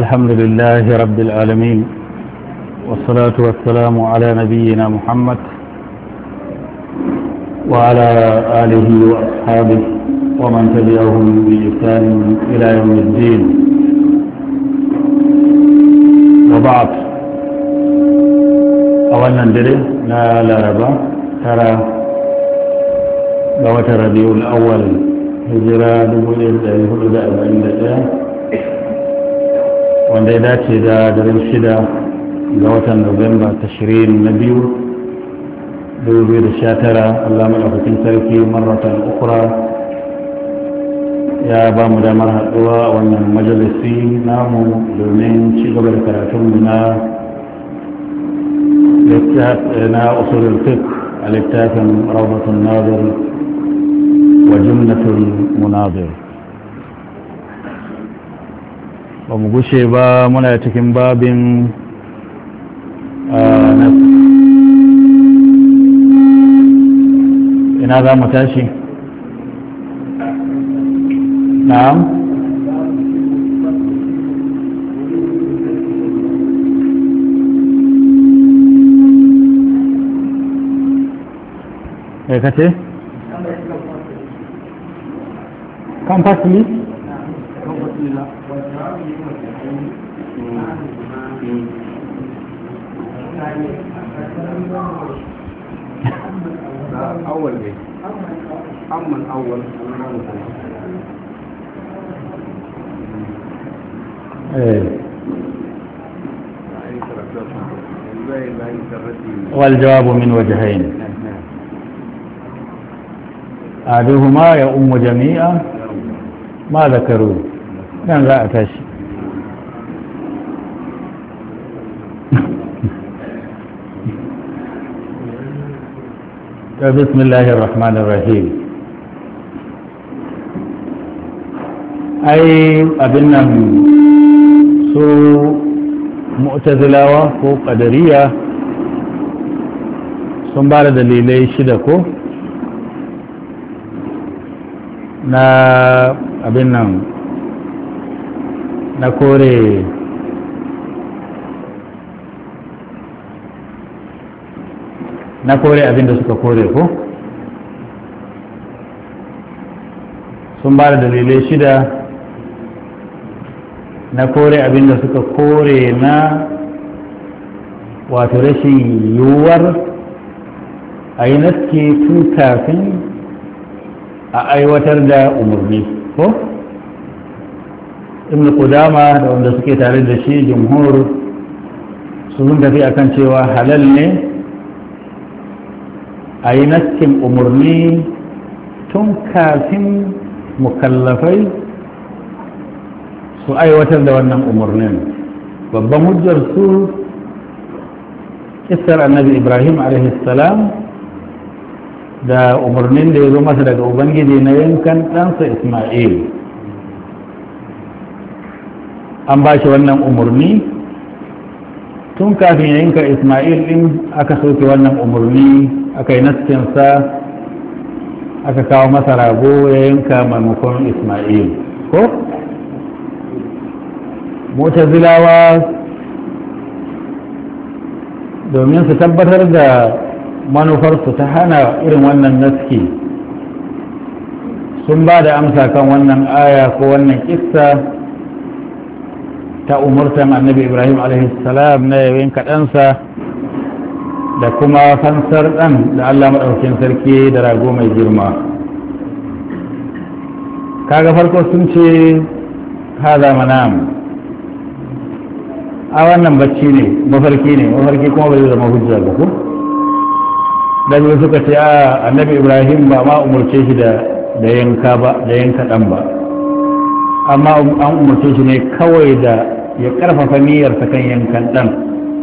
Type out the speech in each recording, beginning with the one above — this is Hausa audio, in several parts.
الحمد لله رب العالمين والصلاة والسلام على نبينا محمد وعلى آله وأصحابه ومن تبعهم بإحسان إلى يوم الدين وبعض أولا ندري لا لا ربا ترى لو ترى الأول هجرة دبولين لأيه الأبعين لأيه wanda ya dace da daren shida ga watan nuwamba tashirin na biyu 2019 allah maɗaukakin sarki maratan ukura ya ba mu damar haɗuwa a wannan majalisi namu domin ci gaba da karatunmu na na usulul fiqh a littafin rawdatun nazir wa jumlatul munazir ba mu gushe ba muna cikin babin ah, ina za mu tashi na'am ya kace? kan fasili? kan fasili أول إيه؟ أما الأول إيه. والجواب من وجهين يا أم جميعا ما ذكروا كان لا أتشي بسم الله الرحمن Ai أي أبنا su mu'tazilawa ko ƙadariya sun ba da dalilai shida ko na abin nan na kore na kore abin da suka kore ko sun ba da dalilai shida na kore abin da suka kore na wato rashin yiwuwar a yi naske tun kafin a aiwatar da umarni ko in kudama da wanda suke tare da shi su sun tafi akan cewa halal ne a yi naskin umarni tun kafin mukallafai su aiwatar da wannan umarnin babban hujjar su kisar annabi ibrahim salam da umarnin da ya zo masa daga ubangiji na yankan ɗansa ismail an ba shi wannan umarni tun kafin ya yinka ismail din aka soke wannan umarni aka yi naskinsa aka kawo masa rago ya yanka maimakon ismail ko zilawa domin su tabbatar da manufarsu ta hana irin wannan naski sun ba da amsa kan wannan aya ko wannan kissa ta umurtan annabi ibrahim salam na yawin ɗansa da kuma fansar ɗan da allah maɗaukin sarki da rago mai girma kaga farko sun ce haza manam a wannan bacci ne mafarki ne mafarki kuma bai zama hujja ba ko da suka ce a annabi ibrahim ba ma umurce shi da yanka ba da yanka ɗan ba amma an umarce shi ne kawai da ya karfafa niyyarsa kan yankan ɗan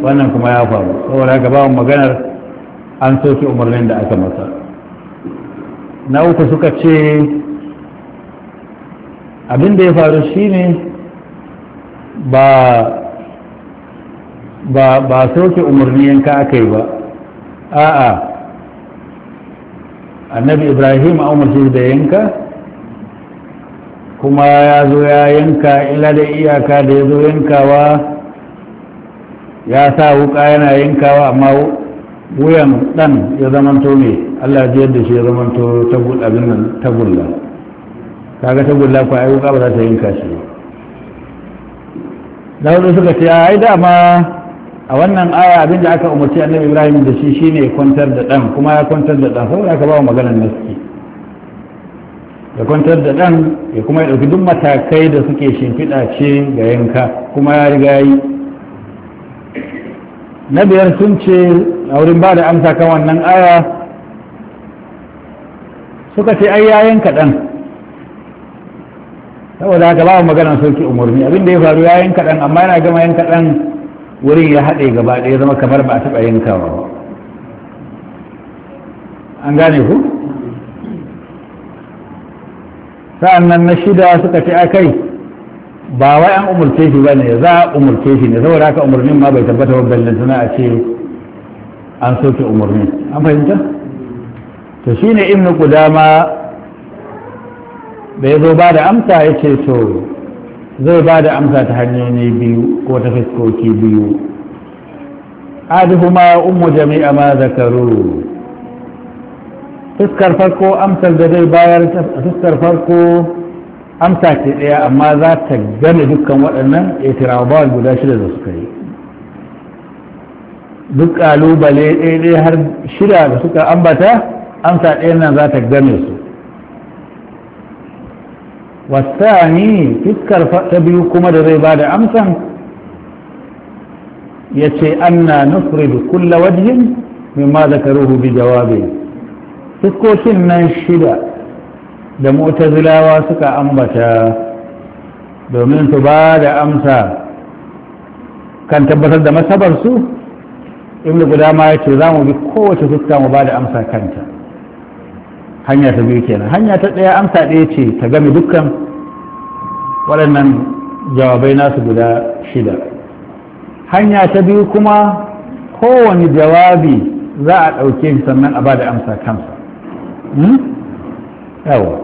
wannan kuma ya faru saboda haka babu maganar an soke umarnin da aka masa na uku suka ce abin da ya faru shine ba ba ba soke umarni yanka aka yi ba a'a annabi ibrahim a umarci da yanka kuma ya zo ya yanka ila da iyaka da ya zo yankawa ya sa wuka yana yankawa amma wuyan dan ya zamanto ne allah ji yadda shi ya zamanto abin nan tagulla kaga tagulla ko ai wuka ba za ta yanka shi da wani suka ce ai dama a wannan aya abin da aka umarci annabi ibrahim da shi shine kwantar da dan kuma ya kwantar da dan saboda aka ba wa maganar naski ya kwantar da ɗan ya kuma ya ɗauki duk matakai da suke shimfiɗa ce ga yanka kuma ya riga yi na biyar sun ce a wurin ba da amsa kan wannan aya suka ce ai yayan kaɗan saboda haka ba maganar sauki umarni abin da ya faru yayan kaɗan amma yana gama yan kaɗan wurin ya haɗe gaba ɗaya zama kamar ba a taɓa yankawa ba an gane ku sa'annan na shida suka a kai. ba wai an umarce shi ba ne. za a umarce shi ne saboda haka umarnin ma bai tabbata ba balle tana a ce an soke umurnin an fahimta to shine ibn qudama da ya zo ba da amsa ya ce to zai ba da amsa ta hanyoyi biyu ko ta fiskoki biyu aduhuma ummu jami'a ma zakaru fuskar farko amsar da zai bayar fuskar farko amsa ce ɗaya amma za ta gane dukkan waɗannan itirabawa guda shida da suka yi duk ƙalubale ɗaya har shida da suka ambata amsa ɗaya nan za ta gane su wasani fuskar ta biyu kuma da zai ba da amsan ya ce an na nufri kulla wajen mimma zakaruhu bi jawabi fuskokin nan shida da mutazilawa suka ambata domin su ba da amsa kan tabbatar da masabarsu guda ma ya ce za mu bi kowace fuska mu ba da amsa kanta hanya ta biyu kenan hanya ta ɗaya amsa ɗaya ce ta game dukkan waɗannan jawabai nasu guda shida hanya ta biyu kuma kowane jawabi za a ɗauke shi sannan a ba da amsa kansa Hmm? yawon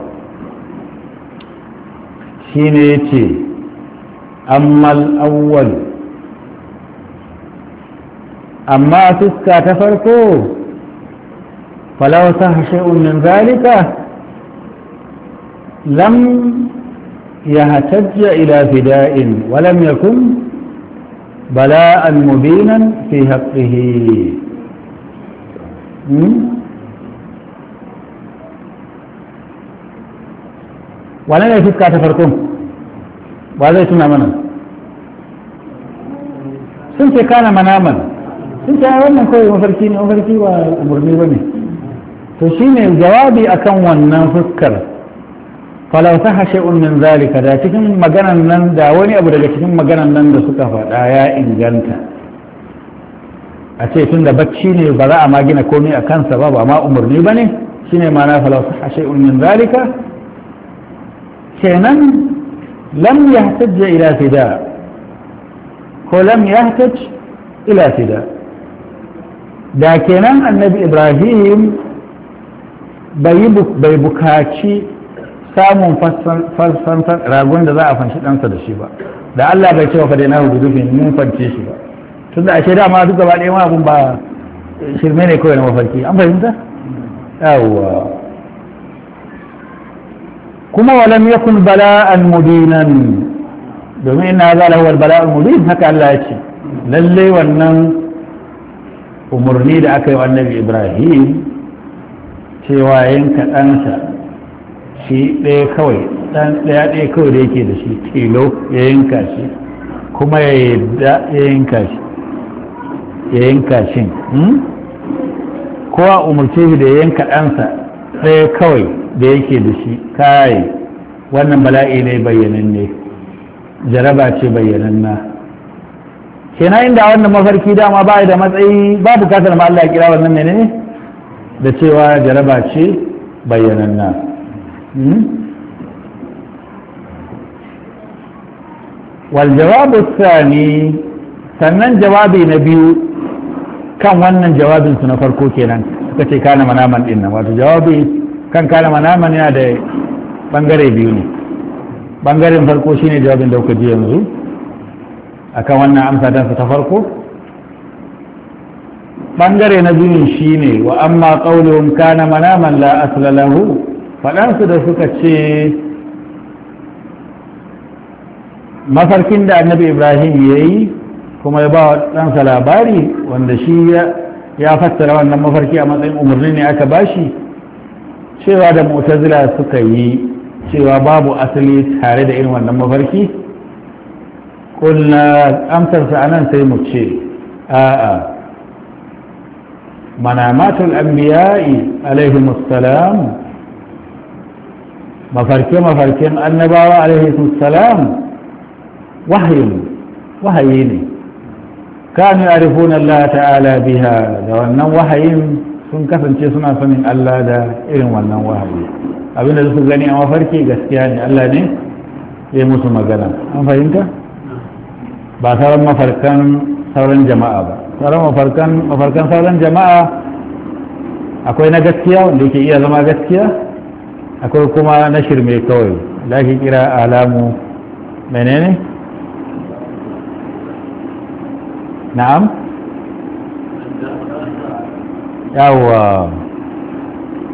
shi ne ya ce ammal awwal amma fuska ta farko falawata hashe'un min zalika lam ya hatajja ila fida fida'in walam yakun bala'an mubinan fi haqqihi hmm? wane ne fuska ta farko ba zai tuna mana sun ce kana manaman sun ce wannan kawai mafarki ne mafarki ba umarni ba ne to shi ne jawabi akan wannan fuskar falauta hashe'un unnin zalika da cikin maganan nan da wani abu daga cikin maganan nan da suka faɗa ya inganta a ce tun da bacci ne ba za a ma gina komai a kansa ba ba ma umarni ba ne shi ne ma falauta hashe'un unnin zalika kenan lam yahtajja ila fida ko lam yahtaj ila fida da kenan annabi ibrahim bai bukaci samun farsan ragon da za a fanshi ɗansa da shi ba da Allah bai cewa fa na hudu dufin mun fance shi ba tun a ashe dama duk gaba ɗaya wani abun ba shirme ne kawai na mafarki an fahimta yawwa kuma walam yakun bala'an mubinan domin ina za a lahu bala'an mubin haka Allah ya ce lalle wannan umarni da aka yi wa annabi Ibrahim cewa yanka ɗansa shi ɗaya kawai ɗan ɗaya ɗaya kawai da yake da shi tilo ya yanka shi kuma ya yadda ya yanka shi ya yanka shi hmm? kowa umarce shi da yanka ɗansa ɗaya kawai da yake da shi kai wannan bala'i ne ne jaraba ce bayyananna kenan inda wannan mafarki dama ba da matsayi ba bukatar ma Allah ya kira wannan ne da cewa jaraba ce hmm? wal jawabu tsani sannan jawabi na biyu kan wannan jawabinsu na farko kenan suka ce kana manaman ɗin wato jawabi kan kala manaman yana da bangare biyu ne bangaren farko shine jawabin da kuka ji yanzu akan wannan amsa dansa ta farko bangare na biyun shine wa amma qaulun kana manaman la asla lahu fadansu da suka ce mafarkin da annabi ibrahim ya yi kuma ya ba wa ɗansa labari wanda shi ya fassara wannan mafarki a matsayin umarni ne aka bashi cewa da mu'tazila suka yi cewa babu asali tare da irin wannan mafarki kulna amsarsa anan sai mu ce a'a manamatul anbiya'i alaihim assalam mafarke mafarken annabawa alaihim assalam wahayi wahayi ne kanu yarifuna Allah ta'ala biha da wannan wahayin sun kasance suna sanin Allah da irin wannan wahayi abinda su gani a mafarki gaskiya ne Allah ne ya musu magana an fahimta ba sauran mafarkan sauran jama'a ba sauran mafarkan mafarkan sauran jama'a akwai na gaskiya wanda yake iya zama gaskiya akwai kuma na shirme kawai da ake kira alamu menene na'am yawwa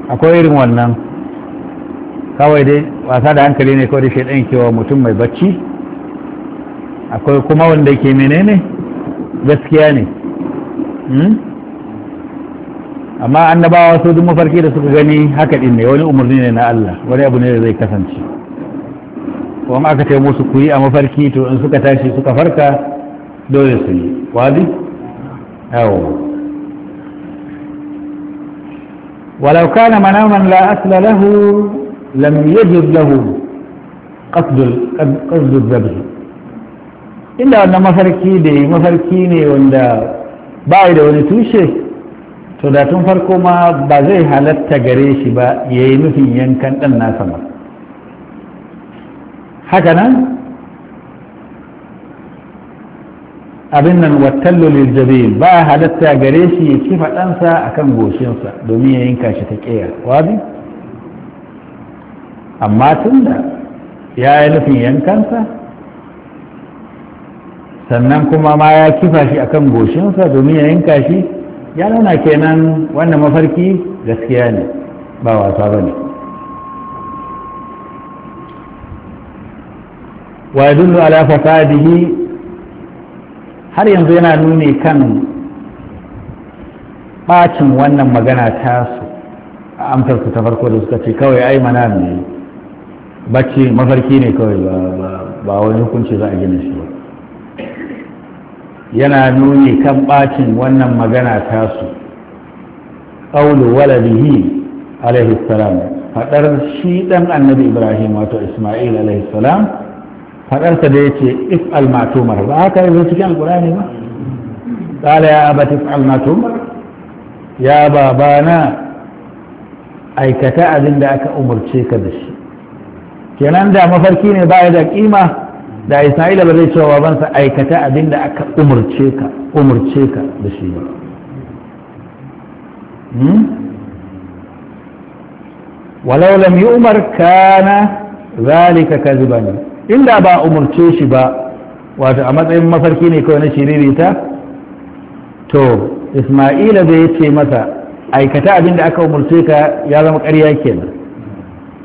akwai irin wannan kawai dai wasa da hankali ne kawai da ɗan kewa mutum mai bacci akwai kuma wanda ke menene gaskiya ne hmm? amma annabawa su duk mafarki da suka gani haka ɗin ne wani umarni ne na Allah wani abu ne da zai kasance kuma aka ce musu ku yi a mafarki to in suka tashi suka farka dole su yi wadi yawo ولو كان مناما لا أكل له لم يجد له قصد قصد الذبح إلا أن مفركي دي مفركي ني وندا باي دي ونتوشي تودا تنفركو ما بازي حالت تغريش با يينو في ينكن أن ناسما هكذا abin nan wattallo liljabil ba halatta gare shi ya kifa ɗansa a kan goshinsa domin ya yanka shi ta ƙeya wabi amma tun da ya yi nufin yankansa sannan kuma ma ya kifa shi a kan goshinsa domin ya yanka shi ya nuna kenan wannan mafarki gaskiya ne ba wasa ba ne ويدل على فساده har yanzu yana nuni kan bacin wannan magana ta su a amsarsu ta farko da suka ce kawai ai mana ne bacci mafarki ne kawai ba wani hukunci za a gina shi ba yana nuni kan bacin wannan magana ta su ƙaulu waladihi alaihi salam faɗar shi ɗan annabi ibrahim wato isma'il alaihi salam faɗarsa da ya ce if almatumar ba haka yanzu cikin alkurani ba ƙala ya abata if almatumar ya babana aikata abin da aka umarce ka da shi kenan da mafarki ne baya da kima da isra'ila ba zai cewa babansa aikata abin da aka umarce ka umarce ka da shi ba hmm? walau lam yi umar kana zalika kaziba ne inda ba umurce shi ba wato a matsayin mafarki ne kawai na shiririta to isma'ila da ce masa aikata abin da aka umurce ka ya zama ƙarya kenan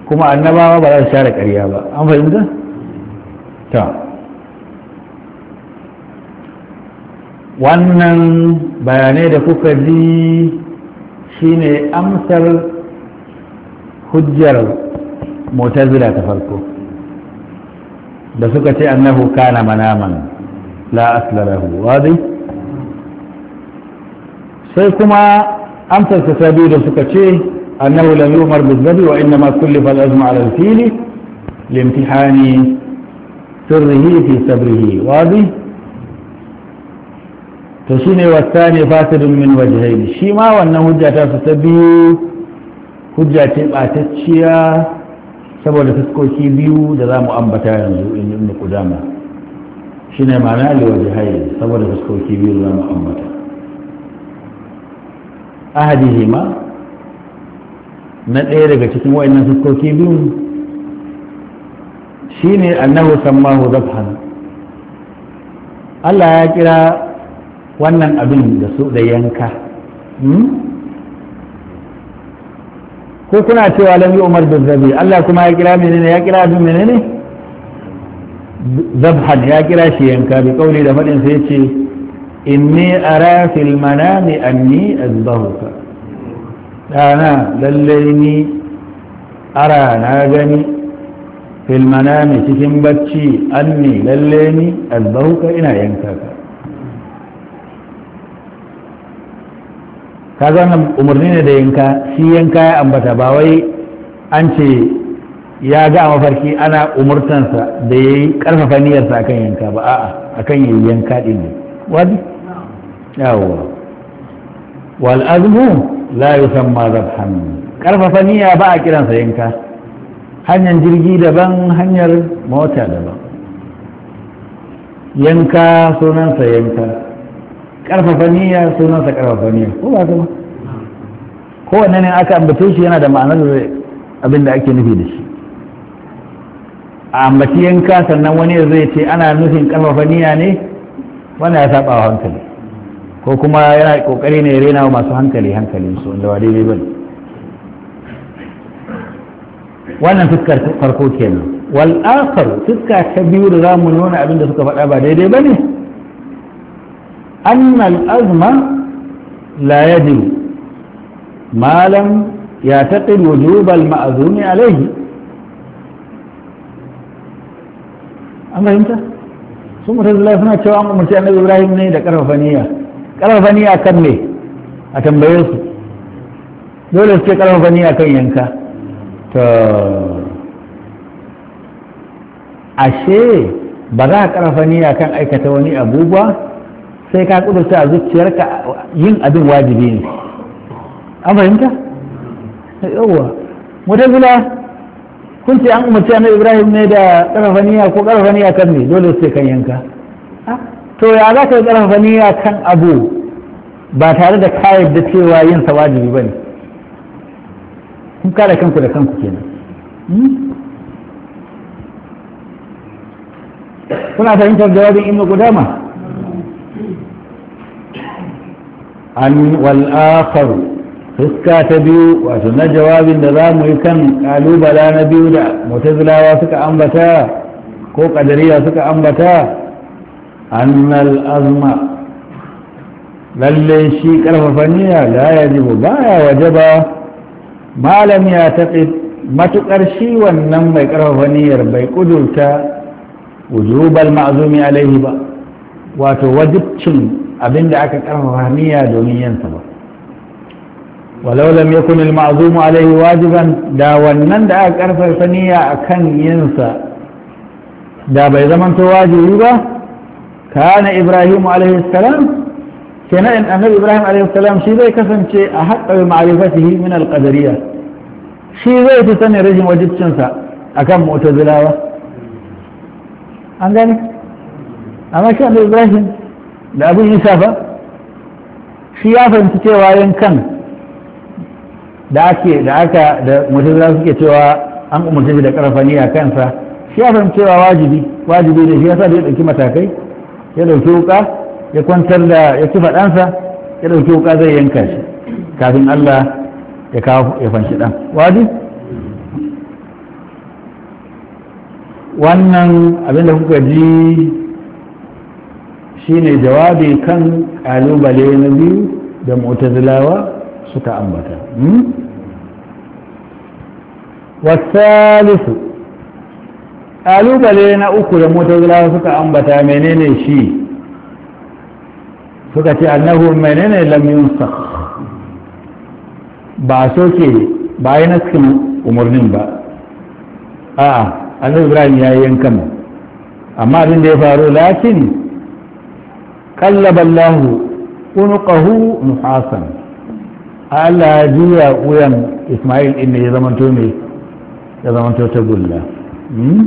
kuma annabawa ba za su share ƙarya ba an fahimta? ta wannan bayanai da kuka ji shine amsar hujjar gida ta farko da suka ce annahu kana manaman la asla lahu wadi sai kuma amsar ta biyu da suka ce annahu lam yumar bizabi wa inna ma kullifa al-azmu ala al-fili limtihani sirrihi fi sabrihi wadi to shine wasani fasidun min wajhayn shi ma wannan hujja ta su ta biyu hujja ce batacciya saboda fuskoki biyu da za mu ambata yanzu in shi ne shine ma'ana li wajhayn saboda fuskoki biyu za mu ambata ma na ɗaya daga cikin wayannan fuskoki biyu shine annahu sammahu zabhan Allah ya kira wannan abin da su da yanka hmm? ko kuna cewa lam yi umar da zabi Allah kuma ya kira menene ya kira abin menene zabhan ya kira shi yanka bi kauli da fadin sai yace inni ara fil manami anni azbahuka dana lalle ni ara na gani fil manami cikin bacci anni lalle ni azbahuka ina yanka ka ka wannan umarni ne da yanka shi yanka ya ambata ba wai an ce ya ga a mafarki ana umurtansa da ya yi karfafa a akan yanka ba a'a akan yi yanka din ne wadi yawwa wal azmu la yusamma zabhan karfafa niyya ba a kiransa yanka hanyar jirgi daban hanyar mota daban yanka sunansa yanka karfafa niyya sunansa karfafa niyya ko ba ko kowanne ne aka ambace shi yana da ma'anar abin da ake nufi da shi a ambaci yanka sannan wani zai ce ana nufin karfafa niyya ne wannan ya saba hankali ko kuma yana kokari ne rena wa masu hankali hankali su da wa daidai bane wannan fuskar farko kenan wal akhar fuska ta biyu da zamu nuna abin da suka faɗa ba daidai bane أن الأزمة لا يجب ما لم يعتقد وجوب المأذون عليه أما أنت sun mutum zula suna cewa an umarci annabi ibrahim ne da karfafa niyya kan me a tambaye dole su ce kan yanka to ashe ba za a karfafa kan aikata wani abubuwa. sai ka kudurta a zuciyarka yin abin wajibi ne an fahimta yawwa mutazila kun ce an umarci na ibrahim ne da karfaniya ko karfaniya kan ne dole sai kan yanka ah, to ya za ka yi kan abu ba tare da ka da cewa yin sa wajibi ne kun kare kanku da kanku kenan hmm? kuna fahimtar jawabin ibnu qudama an wal'afar fuska ta biyu wato na jawabin da za mu yi kan kalubala na biyu da mutazilawa suka ambata ko kadariya suka ambata annal azma lalle shi karfafa niyya la ya baya ba malam ya taqi matukar shi wannan mai karfafa niyyar bai kudurta wujubal ma'azumi alaihi ba wato wajibcin Abin da aka karfafa niyya domin yansa sa ba walau lam yakun al ma'zum alaihi wajiban da wannan da aka karfafa niyya akan yinsa da bai zaman to wajibi ba kana ibrahim alaihi salam kenan annabi ibrahim alaihi salam shi zai kasance a haqqi ma'rifatihi min al qadariyya shi zai fi sanin rashin wajibcin sa akan mu'tazilawa an gane amma shi annabi ibrahim da abin isa ba shi ya fahimci cewa yankan da ake da aka da mutum za su ke cewa an umarci da ne a kansa shi ya fahimci cewa wajibi wajibi ne shi sa da ya ɗauki matakai ya ɗauki wuka ya kwantar da ya ci faɗansa ya ɗauki wuka zai yanka shi kafin Allah ya kawo ya fanshi ɗan wajib wannan abinda kuka ji shine jawabi kan kalubale na biyu da mu'tazilawa suka ambata hmm? wasalisu kalubale na uku da mu'tazilawa suka ambata menene shi suka ce annahu menene lam sa ba soke ba yi naskin umarnin ba a annabi ibrahim ya yi yankan amma abin da ya faru lakin kallaba Allah unqahu nuhasan Allah ya juya wuyan Ismail din ne ya zamanto ne ya zamanto ta gulla hmm?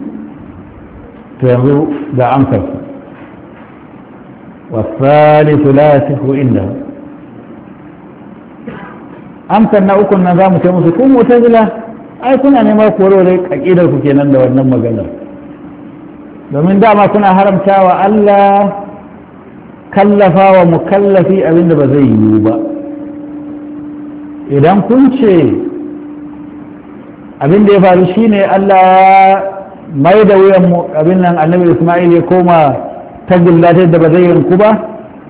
to yanzu ga amsar salisu لا يصح إلا amsar na ukun nan za mu ce musu kun mutazila ai kuna neman ku warware aƙidar ku kenan da wannan maganar domin dama kuna haramtawa Allah kallafa wa mukallafi abinda ba zai yiwu ba idan kun ce abinda ya faru shine Allah ya mai da wuyan abin nan annabi Ismail ya koma tagullatar da ba zai yanku ba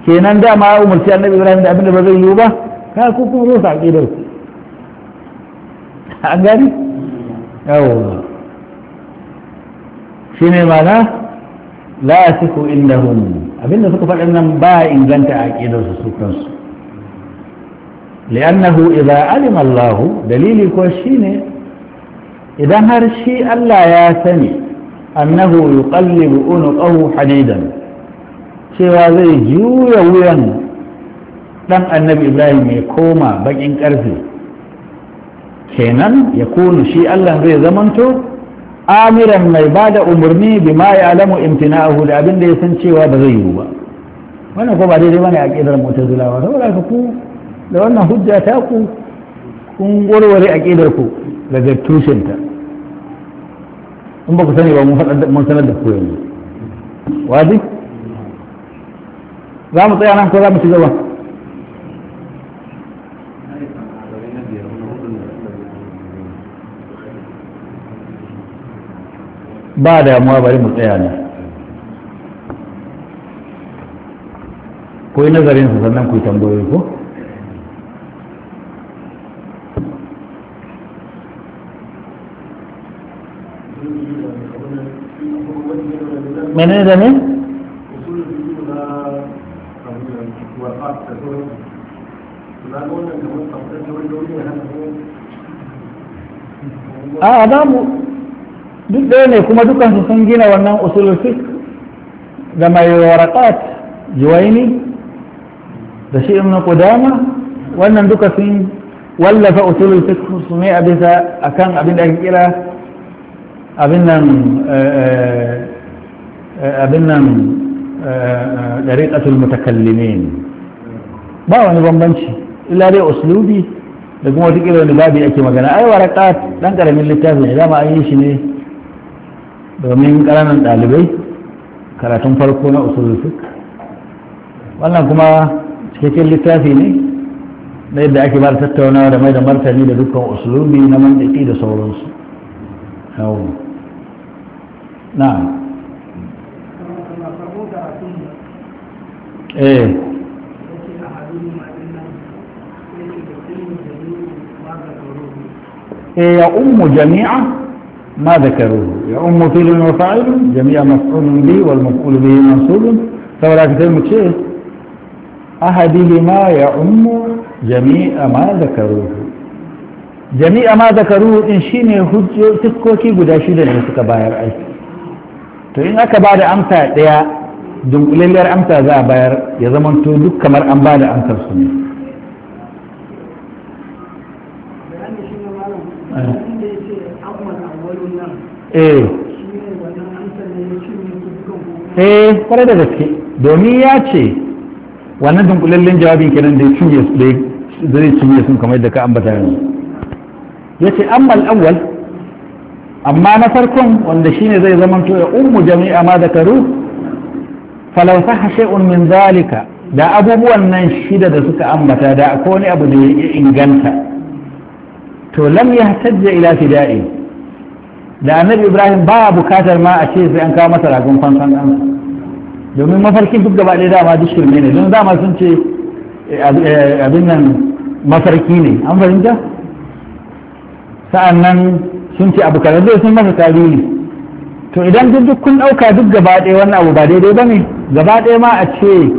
kenan dama umarci annabi Ibrahim da abinda ba zai yiwu ba ka ku kuma rusa aƙidar ku an gani yawon shine mana la inda indahum abinda suka faɗa nan ba inganta a aqidar su kansu li'annahu idza alima dalili ko ne idan har shi Allah ya sani annahu yuqallibu unuqahu hadidan cewa zai juya wuyan dan annabi Ibrahim ya koma bakin karfe kenan ya kunu shi Allah zai zamanto amiran mai ba da umarni bi ma ya alamu imtina'ahu da abin da ya san cewa ba zai yiwu ba wannan ko ba daidai bane a kidar mu'tazilawa saboda ka ku da wannan hujja ta ku kun warware a kidar ku daga tushenta in ba ku sani ba mun sanar da ku yanzu wadi za mu tsaya nan ko za mu ci gaba ba damuwa bari mu tsaya ne ku yi su sannan ku yi tambayoyi ko mene da ne a adamu duk ɗaya ne kuma dukansu sun gina wannan usulul fiqh da mai waraqat juwaini da shi ibn qudama wannan duka sun wallafa usulul fiqh su ne a bisa akan abin da ake kira abin nan eh, eh, abin nan eh, dariqatul mutakallimin ba wani bambanci illa dai uslubi da kuma wata kila wani babi ake magana ai waraqat dan karamin littafi ne dama an yi shi ne domin ƙananan ɗalibai karatun farko na usulul wannan kuma cikakken littafi ne na yadda ake bada tattaunawa da mai da martani da dukkan usulubi na mandaki da sauransu na eh. eh ya ummu jami'a ما ذكروه يعم فيل وفاعل جميع مفعول به والمفعول به منصوب فولا كتير شيء أحدهما يعم جميع ما ذكروه جميع ما ذكروه إن شيني هجو تكوكي قداشيدا لسك باير أي to in aka ba da amsa ɗaya dunkulalliyar amsa za a bayar ya zamanto duk kamar an ba da amsar su ne eh eh kwarai da gaske domin ya ce wannan dunkulallen jawabin kenan da zai cinye sun kamar yadda ka ambata yanzu ya ce amma al'awwal amma na farkon wanda shine zai zamanto ya umu jami'a ma zakaru falau hashe, shay'un min zalika da abubuwan nan shida da suka ambata da akwai wani abu da ya inganta to lam tajja ila fida'i da annabi ibrahim ba a bukatar ma a ce sai an kawo masa ragon fansan ɗansa domin mafarkin duk gaba ɗaya dama duk shirme ne don dama sun ce eh, eh, abin nan mafarki ne an fahimta sa'an nan sun ce abu kare sun masa tarihi to idan duk duk kun ɗauka duk gaba ɗaya wannan abu ba daidai ba ne gaba ɗaya ma a ce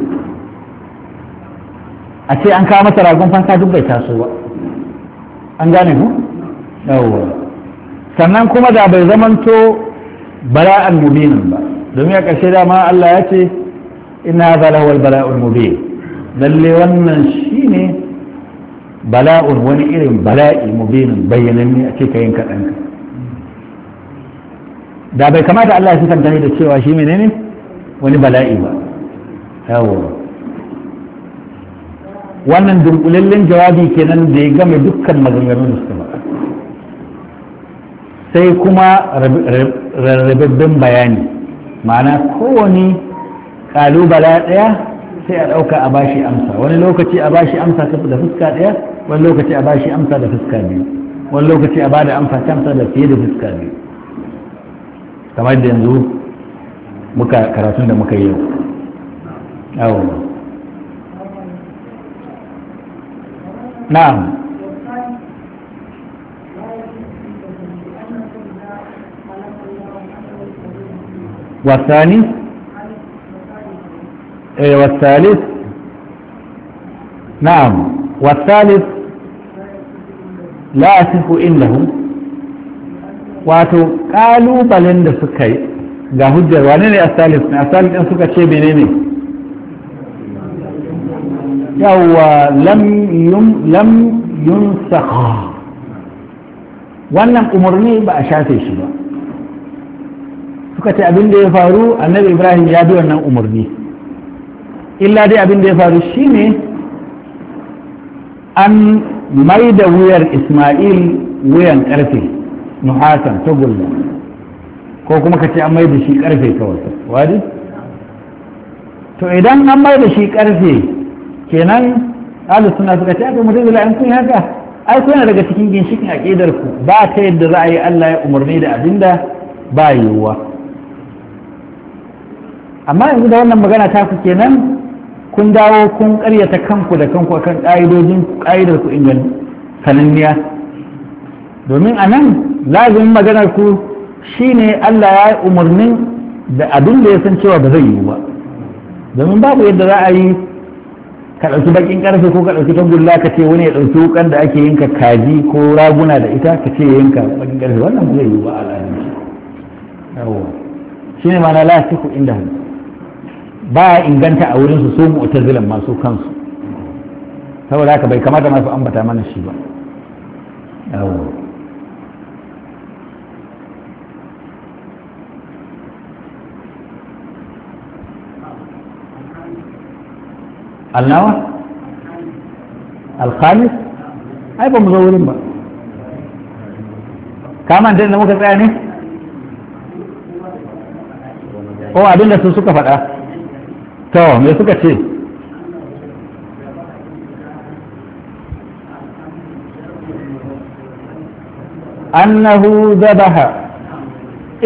a ce an kawo masa ragon fansa duk bai taso ba an gane ku yawwa sannan kuma da bai zamanto bala'an mubinin ba domin a ƙarshe dama Allah ya ce ina zalawar bala'un mubin lalle wannan shi ne bala'un wani irin bala'i mubinin bayyananne a ce yin kaɗan da bai kamata Allah ya sifanta da cewa shi menene wani bala'i ba yawo wannan dunkulallen jawabi kenan da ya game dukkan maganganun da suka ba sai kuma rarrababben bayani ma'ana kowane kalubala ɗaya sai a ɗauka a bashi amsa wani lokaci a bashi amsa da fuska ɗaya wani lokaci a bashi amsa da fuska biyu wani lokaci a bada amsa amsa da fiye da fuska biyu kamar da yanzu muka karatun da muka yi yau na'am والثاني ايه والثالث نعم والثالث لا أسف إنه wato ƙalubalen da suka yi ga hujjar wane ne asalif ne asalif ɗin suka ce mene ne yawwa lam yun wannan umarni ba a shafe shi ba suka ce abin da ya faru annabi ibrahim ya bi wannan umarni illa dai abin da ya faru shine an mai da wuyar isma'il wuyan karfe hasan ta gulla ko kuma ka ce an mai da shi karfe kawai wadi to idan an mai da shi karfe kenan ahlus suna suka ce aka mutum da an kun haka ai kuna daga cikin ginshikin a ƙidarku ba ta yadda za a yi Allah ya umarni da abin da ba yiwuwa amma yanzu da wannan magana ta ku kenan kun dawo kun karyata kanku da kanku akan ƙa'idojin ƙa'idar ku ingan sananniya domin a nan lazim maganar ku shine Allah ya yi umarnin da abin da ya san cewa ba zai yiwu ba domin babu yadda za a yi ka ɗauki bakin ƙarfe ko ka ɗauki tagulla ka ce wani ya ɗauki wukan da ake yinka kaji ko raguna da ita ka ce yinka bakin ƙarfe wannan ba zai yiwu ba a shi ne shine ma na ku inda hannu Ba ya inganta a wurinsu su mu'tazilan masu kansu saboda haka bai kamata masu ambata mana shi ba النوى الخامس اي بمزورين بقى كما انت da muka tsaya ne ko abinda su suka faɗa to me suka ce أنه ذبح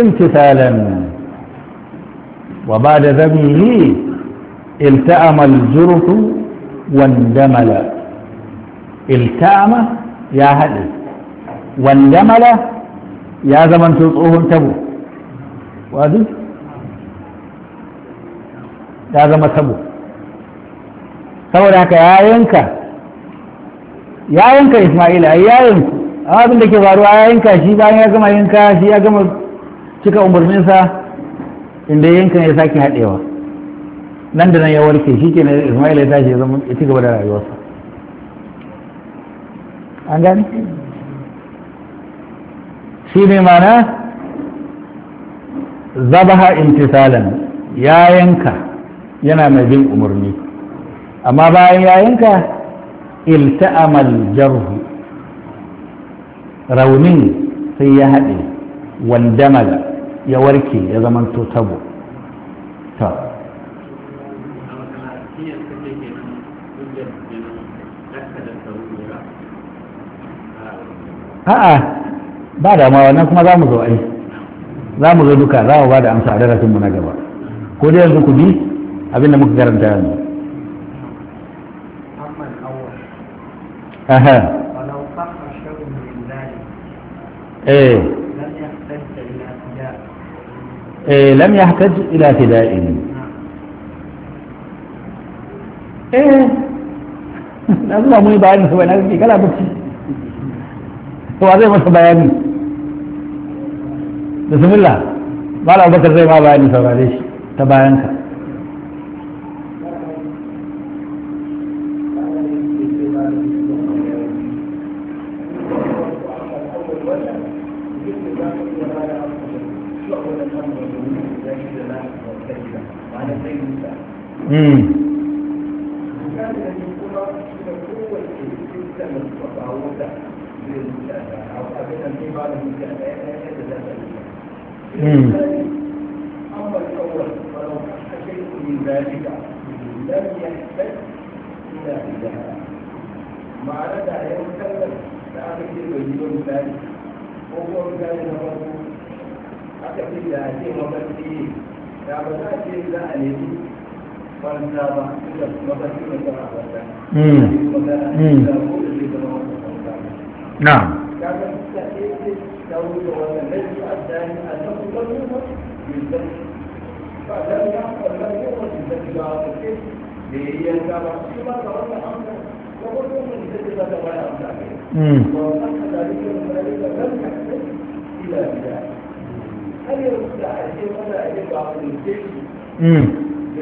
امتثالا وبعد ذبحه التأم الجرح واندمل التأم يا هدي واندمل يا زمن تطعوه انتبه وهذه ta zama tabo saboda haka ya yanka ya yanka isma'ila ya yayin abin da ke faruwa ya yanka shi bayan ya gama yanka shi ya gama cika umarninsa inda yayinka ya sake haɗewa nan da nan ya warke shi ke na isma'ila ya tashi ya ci gaba da rayuwarsa an gani shi ne mana zabaha imtisalan ya yanka yana mai bin umarni amma bayan yayinka ilta'amal jarhu raunin sai ya haɗe wandamal ya warke ya zamanto tabo ta a'a ba da ma wannan kuma za mu zo ai za mu zo duka za mu ba da amsa a darasinmu na gaba ko dai yanzu ku bi abinda muka karanta yanzu aha ايه إيه لم يحتج إلى فدائه ايه الله مو يبان هو نفسي كلا بس هو زي ما بيان بسم الله ما لا بكر زي ما بيان فباليش تبعينك أما الأول فلو صح شيء من ذلك لم يحتج إلى إله مع رجع يوم كذب لأخذ الوجود ذلك وهو ذلك مرضو حتى في ذاته وبديه لا بد أن يجب أن يجب Hmm. Hmm. na'am Mm.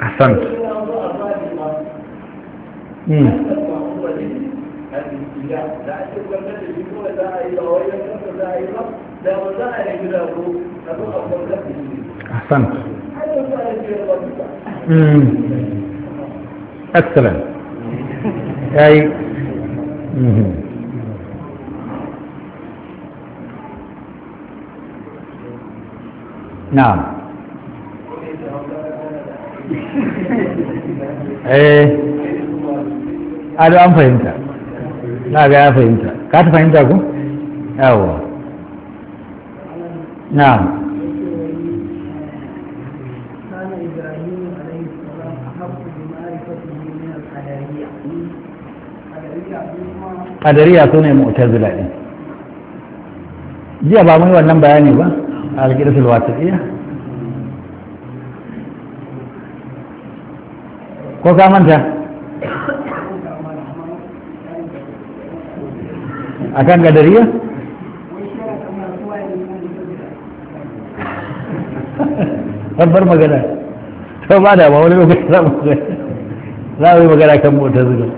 أحسنت مم. أحسنت أكسلن أي نعم eh ado an fahimta na ga ya fahimta ka ta fahimta ku yawo na ƙadariya su ne mu'tazila ɗin jiya ba mun yi wannan bayani ba a alƙidatul wasiƙiyya ko ka manta a kan gadariya babbar magana ta ba da ba wani lokaci za mu za mu yi magana kan mota zuwa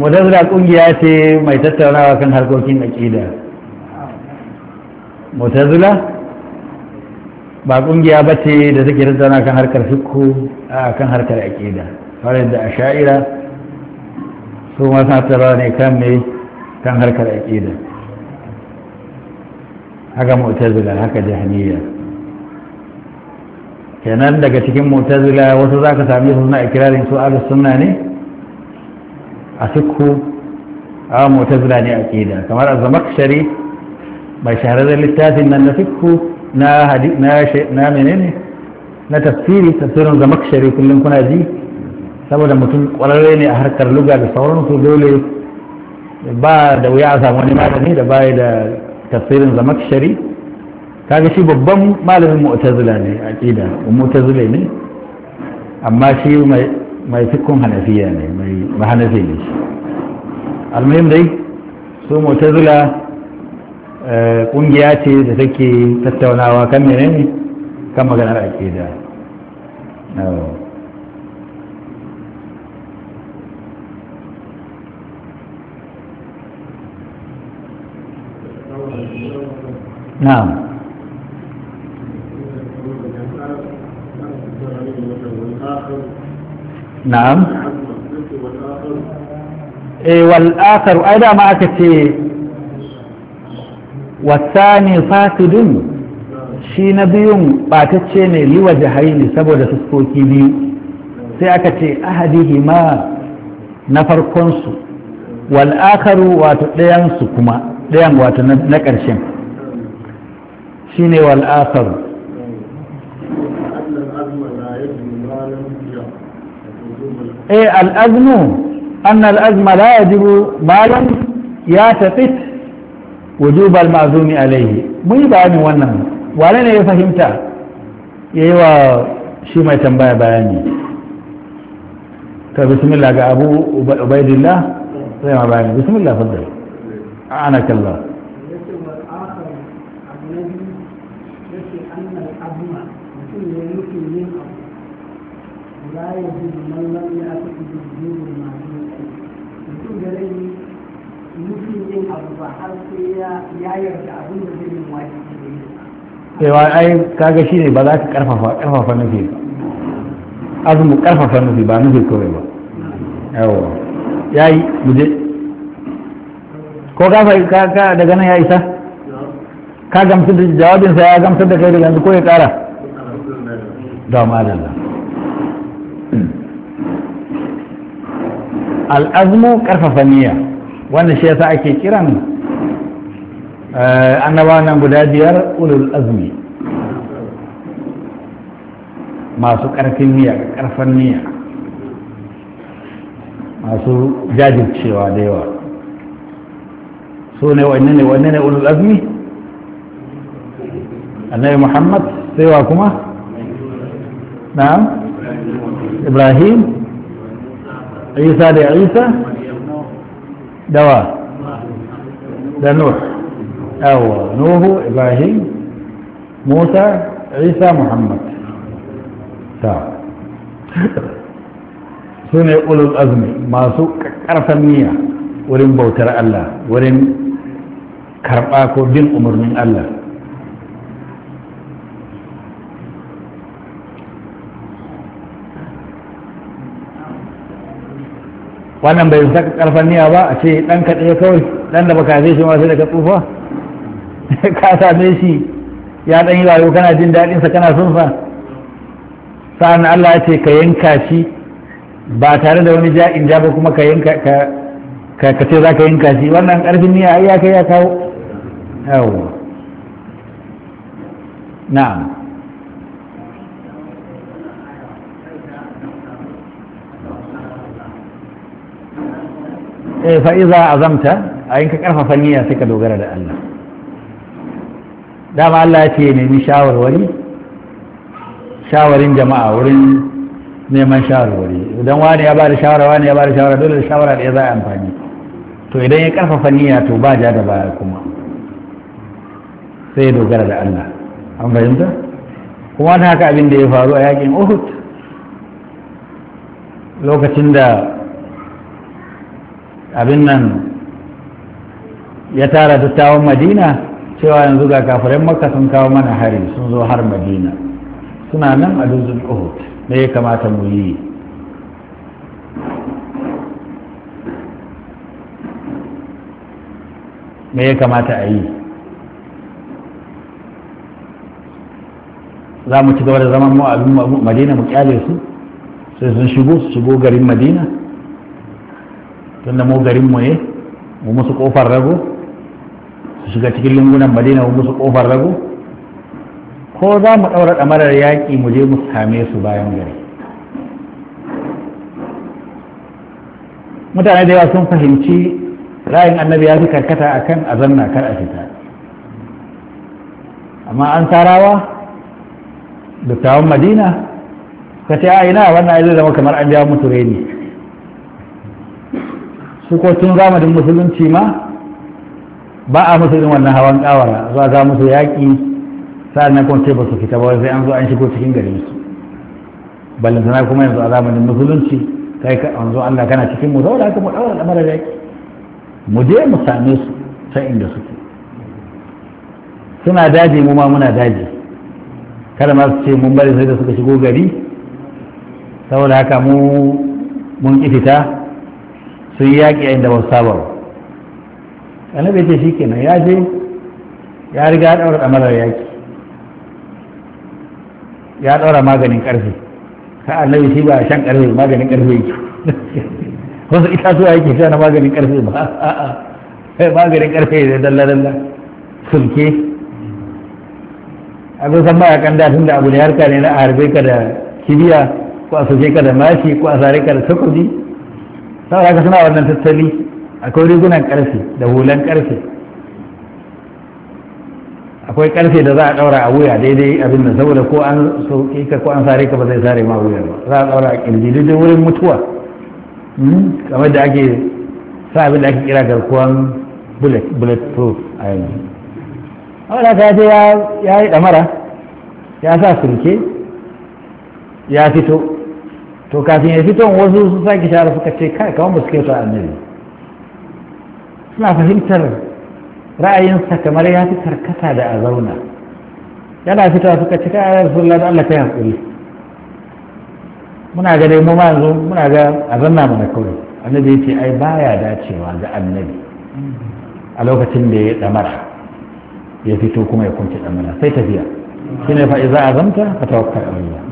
mota zuwa kungiya ce mai tattaunawa kan harkokin akida mota zuwa ba kungiya ba ce da take tattauna kan harkar fikku a kan harkar aƙida kamar da asha'ira su ma tattara ne kan me kan harkar aƙida haka mu'tazila haka jahaniya kenan daga cikin mu'tazila wasu za ka sami suna ikirarin su ahlus suna ne a fikku a mu'tazila ne aƙida kamar a zamakshari bai shahararren littafin nan na fikku na hadi na na menene na tafsiri tafsirin zamakshari kullum kuna ji saboda mutum kwararre ne a harkar luga da sauran su dole ba da wuya a samu wani malami da baya da tafsirin zamakshari kaga shi babban malamin mu'tazila ne aqida mu'tazila ne amma shi mai mai fikun hanafiya ne mai hanafi ne almuhim dai su mu'tazila Eh, kungiya ce da take tattaunawa kan ne kan maganar aƙida na'am na'am eh wal akharu ai da aka ce wasani fasidun shi na biyun batacce ne liwa jahaini saboda fuskoki biyu sai aka ce ahadihi ma na farkonsu wal'akaru wato ɗayansu kuma ɗayan wato na ƙarshen shi ne wal'akaru E al'azmu an al'azma la yajibu malam ya tafi wujub al-ma'zumi alayhi mun yi bayanin wannan wane ne ya fahimta yayi wa shi mai tambaya bayani ta bismillah ga abu ubaidillah zai ma bayani bismillah faddal ana kalla. لا يجوز من لم يأتي بالدين المعلوم. mutum abu ba har sai ya yarda abin da zai ne yawa ai kaga ba za ka karfafa karfafa nufi mu karfafa nufi ba nufi kawai ba yawa yi muje ko ka ka daga nan ya isa ka gamsu da jawabinsa ya gamsu da kai daga yanzu ko ya kara da madalla al'azmu karfafa niyya wannan shi yasa ake kiran eh, annaba nan guda biyar ulul azmi masu ƙarfin niyya ƙarfin niyya masu jajircewa da yawa su ne wanne ne wanne ne ulul azmi annabi muhammad sai wa kuma na'am ibrahim isa da isa dawa da nuh yawa nuhu ibrahim musa isa muhammad ta su ne ulul azmi masu ƙarfan niyya wurin bautar allah wurin karɓa ko bin umarnin allah wannan bai saka karfan niyya ba a ce dan ka kawai dan da baka shi ma sai daga tsufa ka same shi ya dan yi rayuwa kana jin daɗin sa kana son sa sa'an Allah ya ce ka yanka shi ba tare da wani ja'in ja ba kuma ka yanka ka ka ce za ka yanka shi wannan karfin niyya ai ya kai ya kawo yawa na'am Eh, fa'iza azamta a yin ka karfafa niyya sai ka dogara da Allah dama Allah ya ce nemi shawarwari shawarin jama'a wurin neman shawarwari idan wani ya ba da shawara wani ya ba da shawara dole da shawara da ya za a amfani to idan ya karfafa niyya to ba ja da baya kuma sai ya dogara da Allah an fahimta kuma wani haka abin da ya faru a yakin Uhud lokacin da abin nan ya tara dattawan madina cewa yanzu ga kafirin makka sun kawo mana hari sun zo har madina suna nan a dutsen uhud me ya kamata mu yi me ya kamata a yi za mu ci gaba da zaman mu a madina mu kyale su sai sun shigo su shigo garin madina tun da mu garinmu ne mu musu kofar rago su shiga cikin lungunan madina mu musu kofar rago ko za mu ɗaura ɗamarar yaƙi mu je mu same su bayan gari mutane da yawa sun fahimci ra'ayin annabi ya fi karkata a kan a zanna kar a fita amma an tarawa dattawan madina ka ce a ina wannan ya zama kamar an biya mutu reni su zamanin musulunci ma ba a musu irin wannan hawan kawara za za musu yaƙi sa'an nan kuma ba su fita ba sai an zo an shigo cikin garin su sana kuma yanzu a zamanin musulunci kai ka zo Allah kana cikin mu saboda haka mu daura lamarin yaƙi mu je mu same su ta inda suke suna daji mu ma muna daji kada ma su ce mun bari sai da suka shigo gari saboda haka mu mun ƙi fita sun yaƙi inda ba saba ba annabi ce shi kenan ya je ya riga ya ɗaura ɗamarar yaƙi ya ɗaura maganin ƙarfe ka annabi shi ba shan ƙarfe maganin ƙarfe yake wasu itatuwa yake sha na maganin ƙarfe ba a'a a maganin ƙarfe da dalla-dalla sulke abin san ba ya kanda tun da abu ne harka ne na a harbe ka da kibiya ko a soke ka da mashi ko a sare ka da takobi saboda haka suna wannan tattali akwai rigunan karfe da hulan karfe akwai karfe da za a daura a wuya daidai abin da saboda ko an sauke ka ko an sare ka ba zai sare ma wuya ba za a daura a kirji daidai wurin mutuwa hmm? kamar da ake sa abin da ake kira garkuwan bullet proof a yanzu amma da ta ya yi damara ya sa sulke ya fito to kafin ya fito wasu su sake shara suka ce kai kawai ba su kyauta annabi suna fahimtar ra'ayinsa kamar ya fi karkata da a zauna yana fita suka ce kai ayar sun lada Allah ta haƙuri muna ga mu ma yanzu muna ga a zanna mana kawai annabi ya ce ai baya dacewa ga annabi a lokacin da ya yi damara ya fito kuma ya kunce damara sai tafiya shine a zanta ka fa a ala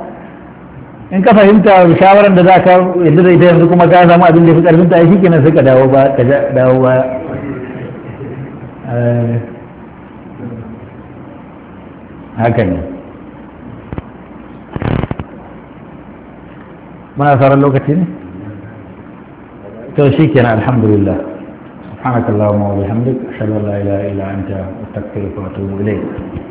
in ka fahimta shawaran da za ka yadda da ita yanzu kuma ka samu abin da fi karfin ta shi kenan sai ka dawo ba ka dawo ba eh, haka ne muna sauran lokaci ne to shi kenan alhamdulillah سبحانك اللهم وبحمدك أشهد أن لا إله إلا أنت أستغفرك وأتوب إليك